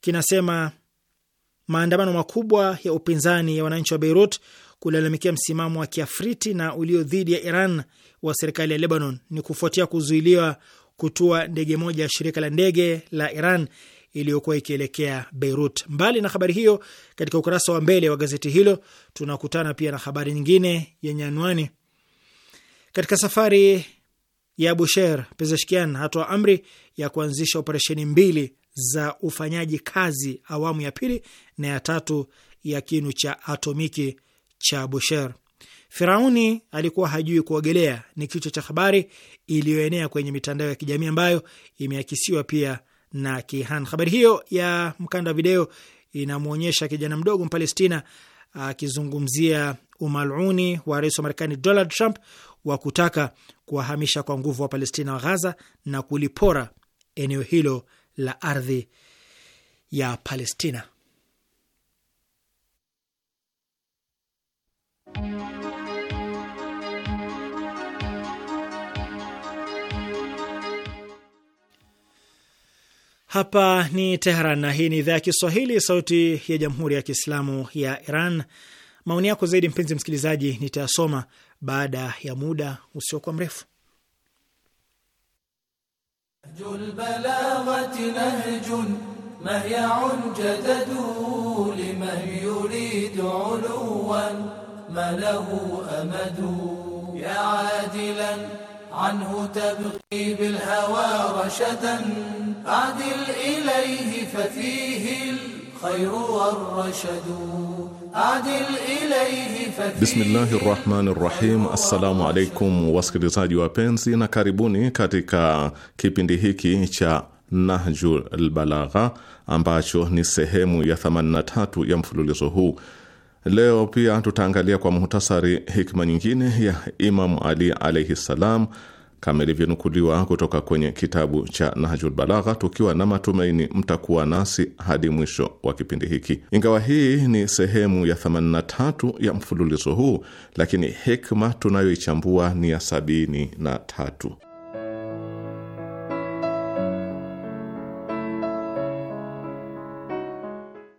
kinasema maandamano makubwa ya upinzani ya wananchi wa Beirut kulalamikia msimamo wa kiafriti na ulio dhidi ya Iran wa serikali ya Lebanon ni kufuatia kuzuiliwa kutua ndege moja ya shirika la ndege la Iran iliyokuwa ikielekea Beirut. Mbali na habari hiyo, katika ukurasa wa mbele wa gazeti hilo tunakutana pia na habari nyingine yenye anwani, katika safari ya Busher Pezeshkian hatoa amri ya kuanzisha operesheni mbili za ufanyaji kazi awamu ya pili na ya tatu ya kinu cha atomiki cha Bushehr. Firauni alikuwa hajui kuogelea ni kichwa cha habari iliyoenea kwenye mitandao ya kijamii ambayo imeakisiwa pia na Kihan. Habari hiyo ya mkanda wa video inamwonyesha kijana mdogo Mpalestina akizungumzia umaluni wa rais wa Marekani Donald Trump wa kutaka kuwahamisha kwa nguvu wa Palestina wa Ghaza na kulipora eneo hilo la ardhi ya Palestina. Hapa ni Teheran na hii ni idhaa ya Kiswahili, sauti ya jamhuri ya kiislamu ya Iran. Maoni yako zaidi, mpenzi msikilizaji, nitayasoma baada ya muda usiokuwa mrefu. نهج البلاغة نهج مهيع جدد لمن يريد علوا ما له أمد يا عادلا عنه تبقي بالهوى رشدا أعدل إليه ففيه الخير والرشد Bismillahi rahmani rahim. Assalamu alaikum wasikilizaji wapenzi, na karibuni katika kipindi hiki cha Nahjul Balagha ambacho ni sehemu ya 83 ya mfululizo huu. Leo pia tutaangalia kwa muhtasari hikma nyingine ya Imamu Ali alaihi ssalam kama ilivyonukuliwa kutoka kwenye kitabu cha Nahjul Balagha, tukiwa na matumaini mtakuwa nasi hadi mwisho wa kipindi hiki. Ingawa hii ni sehemu ya 83 ya mfululizo huu, lakini hikma tunayoichambua ni ya sabini na tatu.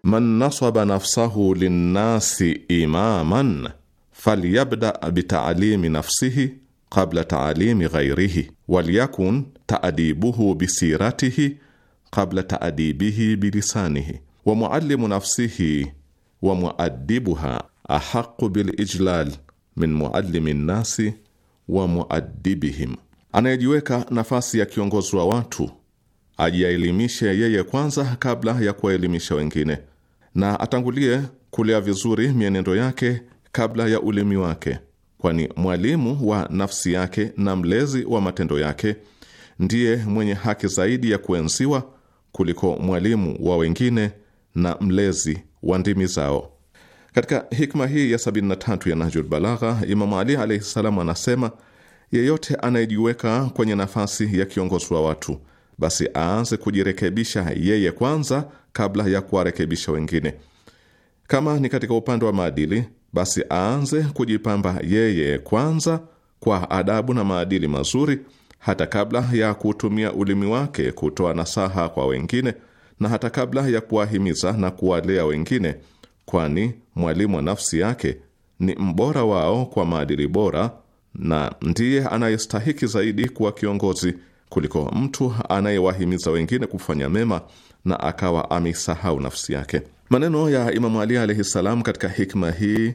Man nasaba nafsahu linnasi imaman falyabda bitalimi nafsihi qabla taalimi ghairihi walyakun taadibuhu bisiratihi qabla taadibihi bilisanihi wa muallimu nafsihi wa muadibuha ahaqu bilijlal min muallimi nnasi wa muadibihim, anayejiweka nafasi ya kiongozi wa watu ajiaelimishe yeye kwanza kabla ya kuwaelimisha wengine, na atangulie kulea vizuri mienendo yake kabla ya ulimi wake kwani mwalimu wa nafsi yake na mlezi wa matendo yake ndiye mwenye haki zaidi ya kuenziwa kuliko mwalimu wa wengine na mlezi wa ndimi zao. Katika hikma hii ya 73 ya Nahjul Balagha, Imamu Ali alaihi ssalam anasema yeyote anayejiweka kwenye nafasi ya kiongozi wa watu, basi aanze kujirekebisha yeye kwanza kabla ya kuwarekebisha wengine. Kama ni katika upande wa maadili basi aanze kujipamba yeye kwanza kwa adabu na maadili mazuri, hata kabla ya kutumia ulimi wake kutoa nasaha kwa wengine na hata kabla ya kuwahimiza na kuwalea wengine, kwani mwalimu wa nafsi yake ni mbora wao kwa maadili bora na ndiye anayestahiki zaidi kuwa kiongozi kuliko mtu anayewahimiza wengine kufanya mema na akawa ameisahau nafsi yake. Maneno ya Imamu Ali alaihi ssalam katika hikma hii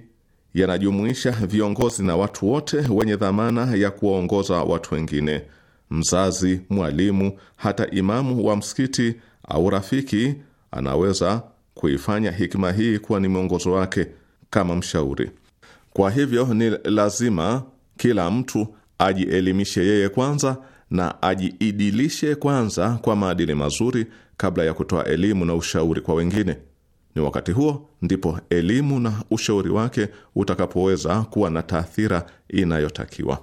yanajumuisha viongozi na watu wote wenye dhamana ya kuwaongoza watu wengine: mzazi, mwalimu, hata imamu wa msikiti au rafiki anaweza kuifanya hikma hii kuwa ni mwongozo wake kama mshauri. Kwa hivyo ni lazima kila mtu ajielimishe yeye kwanza na ajiidilishe kwanza kwa maadili mazuri kabla ya kutoa elimu na ushauri kwa wengine. Ni wakati huo ndipo elimu na ushauri wake utakapoweza kuwa na taathira inayotakiwa.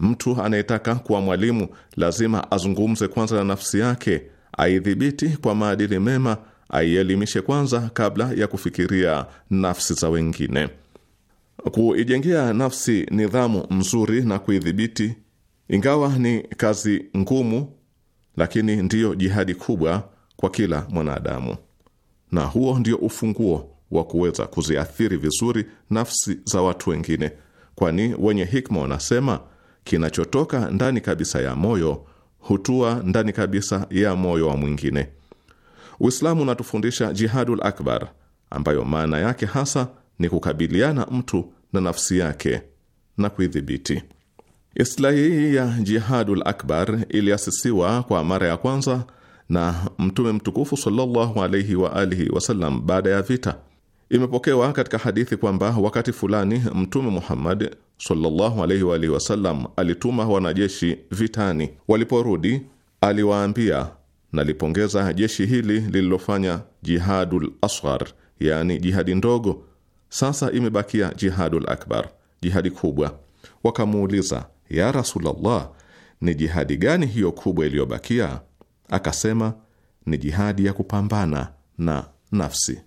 Mtu anayetaka kuwa mwalimu lazima azungumze kwanza na nafsi yake, aidhibiti kwa maadili mema, aielimishe kwanza kabla ya kufikiria nafsi za wengine. Kuijengea nafsi nidhamu mzuri na kuidhibiti, ingawa ni kazi ngumu, lakini ndiyo jihadi kubwa kwa kila mwanadamu na huo ndio ufunguo wa kuweza kuziathiri vizuri nafsi za watu wengine, kwani wenye hikma wanasema kinachotoka ndani kabisa ya moyo hutua ndani kabisa ya moyo wa mwingine. Uislamu unatufundisha jihadul akbar, ambayo maana yake hasa ni kukabiliana mtu na nafsi yake na kuidhibiti. hii ya jihadul akbar iliasisiwa kwa mara ya kwanza na Mtume mtukufu sallallahu alaihi wa alihi wasallam baada ya vita. Imepokewa katika hadithi kwamba wakati fulani Mtume Muhammad sallallahu alaihi wa alihi wasallam alituma wanajeshi vitani. Waliporudi aliwaambia, nalipongeza jeshi hili lililofanya jihadul asghar, yani jihadi ndogo. Sasa imebakia jihadul akbar, jihadi kubwa. Wakamuuliza, ya Rasulullah, ni jihadi gani hiyo kubwa iliyobakia? Akasema ni jihadi ya kupambana na nafsi.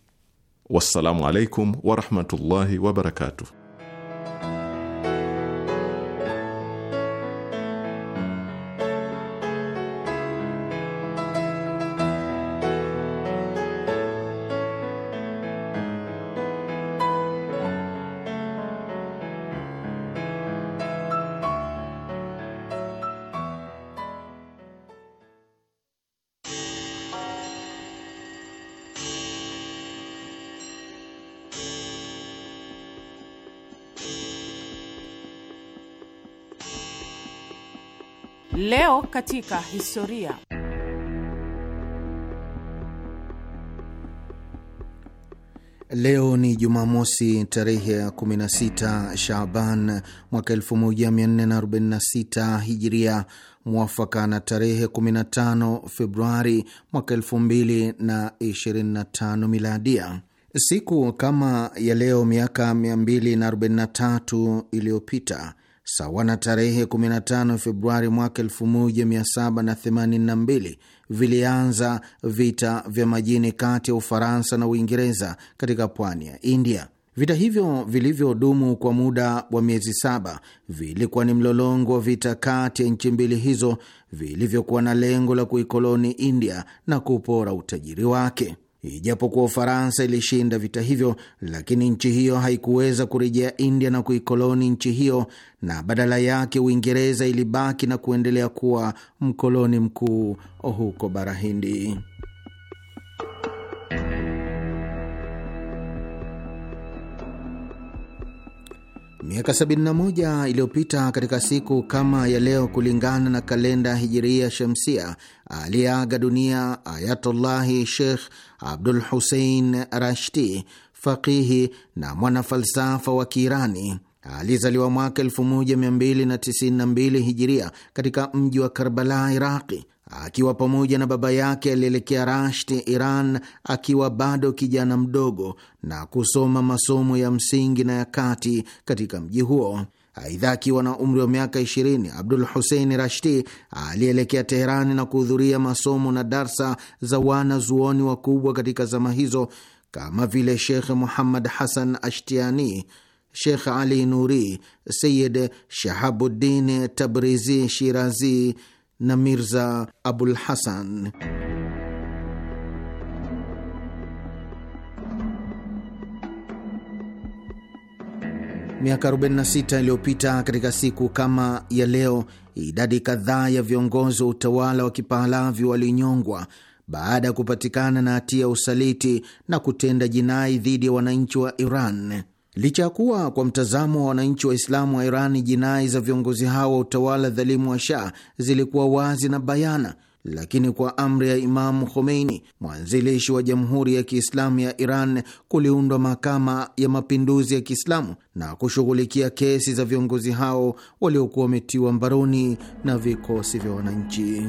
Wassalamu alaikum warahmatullahi wabarakatuh. Katika historia Leo ni Jumamosi, tarehe ya 16 Shaban mwaka 1446 Hijiria, mwafaka na tarehe 15 Februari mwaka 2025 Miladia. Siku kama ya leo miaka 243 iliyopita sawa na tarehe 15 Februari mwaka 1782 vilianza vita vya majini kati ya Ufaransa na Uingereza katika pwani ya India. Vita hivyo vilivyodumu kwa muda wa miezi saba vilikuwa ni mlolongo wa vita kati ya nchi mbili hizo vilivyokuwa na lengo la kuikoloni India na kupora utajiri wake. Ijapokuwa Ufaransa ilishinda vita hivyo, lakini nchi hiyo haikuweza kurejea India na kuikoloni nchi hiyo, na badala yake Uingereza ilibaki na kuendelea kuwa mkoloni mkuu huko Bara Hindi. Miaka 71 iliyopita katika siku kama ya leo, kulingana na kalenda hijiria shamsia, aliyeaga dunia Ayatullahi Sheikh Abdul Husein Rashti, faqihi na mwanafalsafa wa Kiirani. Alizaliwa mwaka 1292 hijiria katika mji wa Karbala, Iraqi akiwa pamoja na baba yake alielekea Rashti, Iran, akiwa bado kijana mdogo na kusoma masomo ya msingi na ya kati katika mji huo. Aidha, akiwa na umri wa miaka 20 Abdul Husein Rashti alielekea Teherani na kuhudhuria masomo na darsa za wanazuoni wakubwa katika zama hizo kama vile Shekh Muhammad Hasan Ashtiani, Shekh Ali Nuri, Sayid Shahabuddin Tabrizi Shirazi na Mirza Abul Hasan. Miaka 46 iliyopita katika siku kama ya leo, idadi kadhaa ya viongozi wa utawala wa Kipahalavi walinyongwa baada ya kupatikana na hatia ya usaliti na kutenda jinai dhidi ya wananchi wa Iran. Licha ya kuwa kwa mtazamo wa wananchi Waislamu wa Irani jinai za viongozi hao wa utawala dhalimu wa Shah zilikuwa wazi na bayana, lakini kwa amri ya Imamu Khomeini, mwanzilishi wa Jamhuri ya Kiislamu ya Iran, kuliundwa Mahakama ya Mapinduzi ya Kiislamu na kushughulikia kesi za viongozi hao waliokuwa wametiwa mbaroni na vikosi vya wananchi.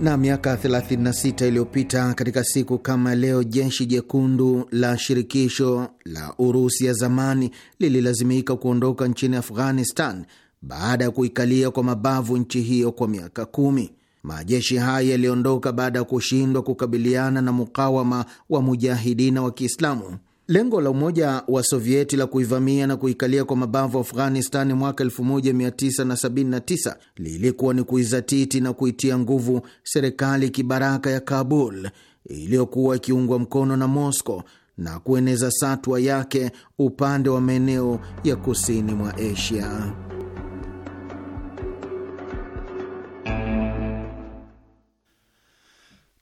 Na miaka 36 iliyopita katika siku kama leo, jeshi jekundu la shirikisho la Urusi ya zamani lililazimika kuondoka nchini Afghanistan baada ya kuikalia kwa mabavu nchi hiyo kwa miaka kumi. Majeshi haya yaliondoka baada ya kushindwa kukabiliana na mukawama wa mujahidina wa Kiislamu. Lengo la Umoja wa Sovieti la kuivamia na kuikalia kwa mabavu Afghanistani mwaka 1979 lilikuwa ni kuizatiti na kuitia nguvu serikali kibaraka ya Kabul iliyokuwa ikiungwa mkono na Moscow na kueneza satwa yake upande wa maeneo ya kusini mwa Asia.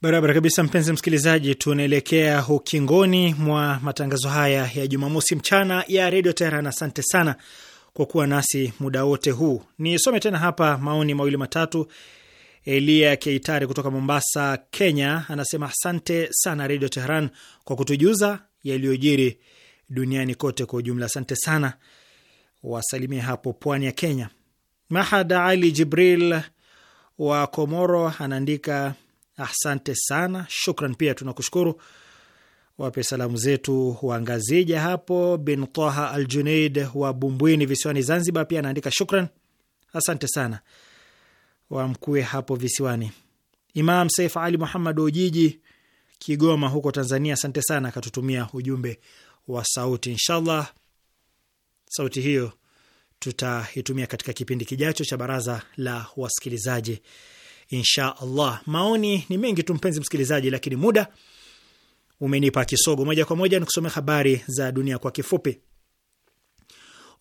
Barabara kabisa, mpenzi msikilizaji, tunaelekea ukingoni mwa matangazo haya ya Jumamosi mchana ya Redio Teheran. Asante sana kwa kuwa nasi muda wote huu. Nisome tena hapa maoni mawili matatu. Elia Keitari kutoka Mombasa, Kenya, anasema asante sana Redio Teheran kwa kutujuza yaliyojiri duniani kote kwa ujumla. Asante sana, wasalimia hapo pwani ya Kenya. Mahad Ali Jibril wa Komoro anaandika Asante sana, shukran. Pia tunakushukuru. Wape salamu zetu wangazija hapo. Bin Taha Al Junaid wa Bumbwini visiwani Zanzibar pia anaandika shukran, asante sana. Wamkue hapo visiwani. Imam Saif Ali Muhammad Ujiji Kigoma huko Tanzania, asante sana, akatutumia ujumbe wa sauti. Inshallah sauti hiyo tutaitumia katika kipindi kijacho cha baraza la wasikilizaji insha Allah. Maoni ni mengi tu mpenzi msikilizaji, lakini muda umenipa kisogo. Moja kwa moja nikusomea habari za dunia kwa kifupi.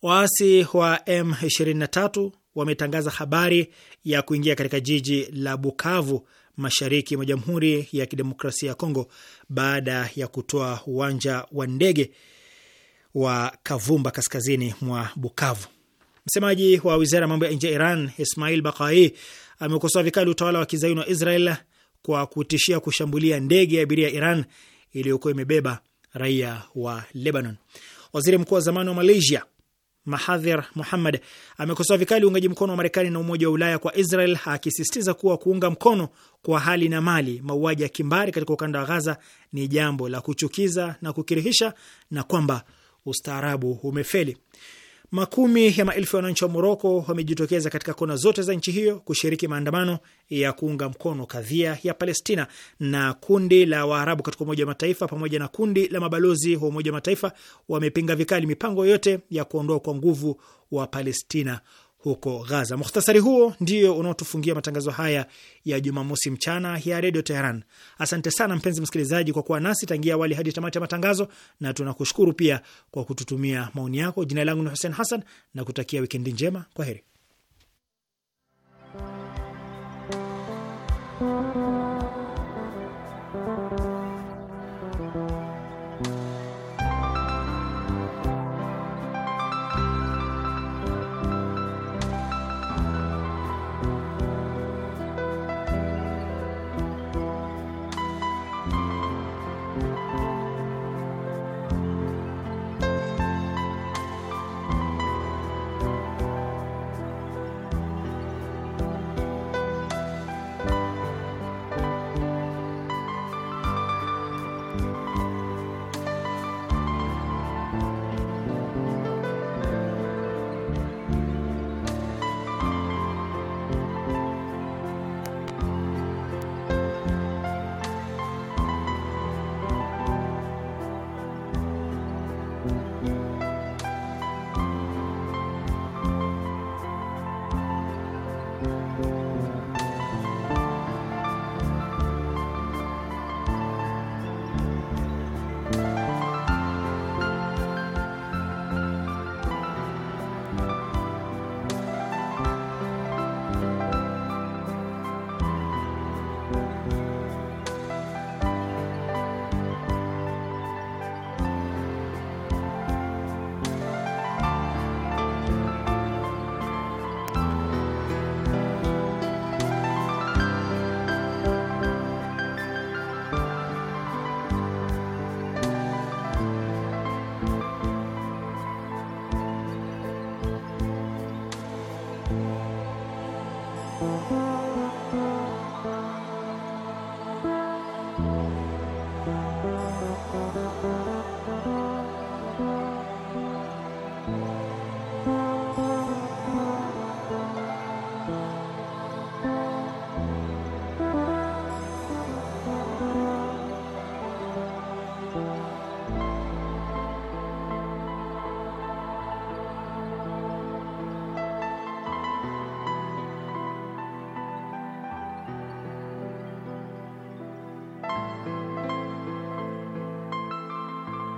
Waasi wa M23 wametangaza habari ya kuingia katika jiji la Bukavu mashariki mwa Jamhuri ya Kidemokrasia ya Kongo baada ya kutoa uwanja wa ndege wa Kavumba kaskazini mwa Bukavu. Msemaji wa wizara ya mambo ya nje ya Iran Ismail Bakai amekosoa vikali utawala wa kizayuni wa Israel kwa kutishia kushambulia ndege ya abiria ya Iran iliyokuwa imebeba raia wa Lebanon. Waziri mkuu wa zamani wa Malaysia Mahathir Muhammad amekosoa vikali uungaji mkono wa Marekani na Umoja wa Ulaya kwa Israel, akisisitiza kuwa kuunga mkono kwa hali na mali mauaji ya kimbari katika ukanda wa Ghaza ni jambo la kuchukiza na kukirihisha na kwamba ustaarabu umefeli. Makumi ya maelfu ya wananchi wa Moroko wamejitokeza katika kona zote za nchi hiyo kushiriki maandamano ya kuunga mkono kadhia ya Palestina. Na kundi la Waarabu katika Umoja wa Mataifa pamoja na kundi la mabalozi wa Umoja wa Mataifa wamepinga vikali mipango yote ya kuondoa kwa nguvu wa Palestina huko Gaza. Mukhtasari huo ndio unaotufungia matangazo haya ya Jumamosi mchana ya Redio Teheran. Asante sana mpenzi msikilizaji kwa kuwa nasi tangia awali hadi tamati ya matangazo, na tunakushukuru pia kwa kututumia maoni yako. Jina langu ni Hussein Hassan na kutakia wikendi njema. Kwa heri.